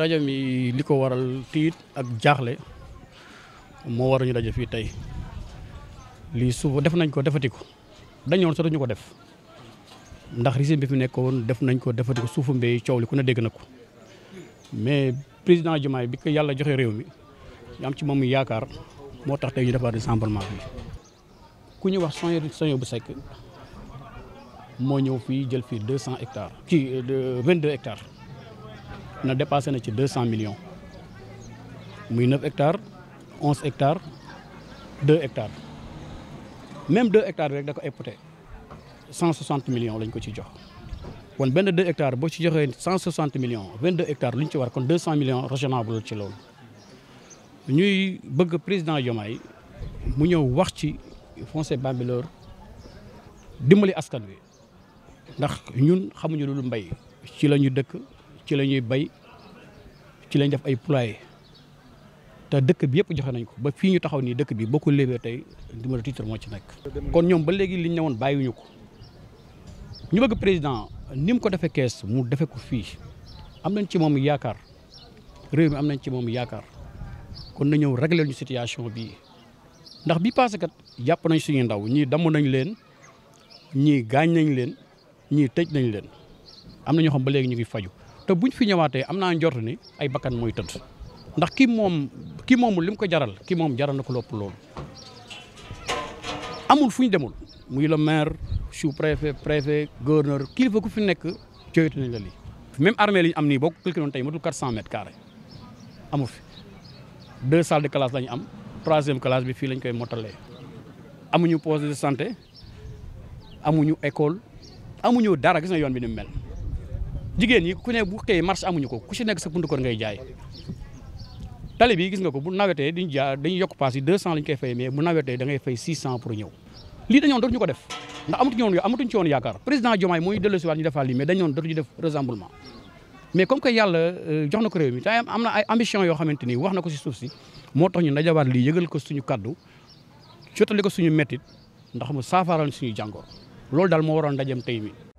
ndaje mi li ko waral tiit ak jaaxle moo waral ñu fii tey lii suba def nañ ko defati ko dañoon sotuñu ko def ndax régime bi fi nekkoon def nañ ko defati ko suufu mbéy coow li ku ne dégg na ko mais président Diomaye bi ko yàlla joxe réew mi am ci moom yaakaar moo tax tey ñu defaat rassemblement bi ku ñu wax soñ soñ bu sekk moo ñëw fii jël fii deux cent hectares kii euh, vingt deux hectares na dépassé na ci 200 millions muy 9 hectares 11 hectares 2 hectares même 2 hectares rek da ko époté 160 millions lañ ko ci jox kon ben 2 hectares bo ci joxé 160 millions 22 hectares luñ ci war kon 200 millions raisonnable ci lool ñuy bëgg président Diomaye mu ñëw wax ci français bambilor dimbali askan wi ndax ñun xamuñu lu mbay ci lañu dëkk ci la ñuy bay ci lañ def ay poulailler te dëkk bi yëpp joxe nañ ko ba fii ñu taxaw nii dëkk bi boo ko léebee tey numéro titre moo ci nekk. kon ñoom ba léegi liñ ne woon ñu ko ñu bëgg président ni mu ko defee kees mu defe ko fii am nañ ci moom yaakaar réew mi am nañ ci moom yaakaar kon na ñëw régler ñu situation bii ndax bi passé kat jàpp nañ suñu ndaw ñii damm nañ leen ñii gaañ nañ leen ñii tëj nañ leen am na ñoo ba léegi ñu ngi faju te buñ fi ñëwaatee am naa njort ni ay bakkan mooy tëdd ndax ki moom ki moomul li mu ko jaral ki moom jaral na ko lopp loolu amul fu ñu demul muy le maire sous préfet préfet gouverneur kilifa ku fi nekk jooytu nañ la lii même armée li ñu am nii boo ko calculé woon tey matul 400 mètres carrés amu fi deux salles de classe lañu am troisième classe bi fii lañ koy mottalee amuñu poste de santé amuñu école amuñu dara gis na yoon bi nu mu mel jigéen ñi ku ne bu xëyee marché amuñu ko ku si nekk sa buntu ngay jaay tali bi gis nga ko bu nawetee duñ jaa dañuy yokk paas yi 200 lañ koy fay mais da ngay fay 600 pour ñëw lii dañoon dootuñu ko def ndax amatuñu woon amatuñu yaakaar président Diomaye mooy dellu si waat ñu defaat lii mais dañoon dootuñu def rassemblement mais comme que yàlla euh, jox na ko réew mi te am na ay ambition yoo xamante ni wax na ko si suuf si moo tax ñu dajawaat lii yëgal ko suñu kaddu jotali ko suñu mettit ndax mu saafaaral suñu jàngoor loolu daal moo waroon ndajem tey mi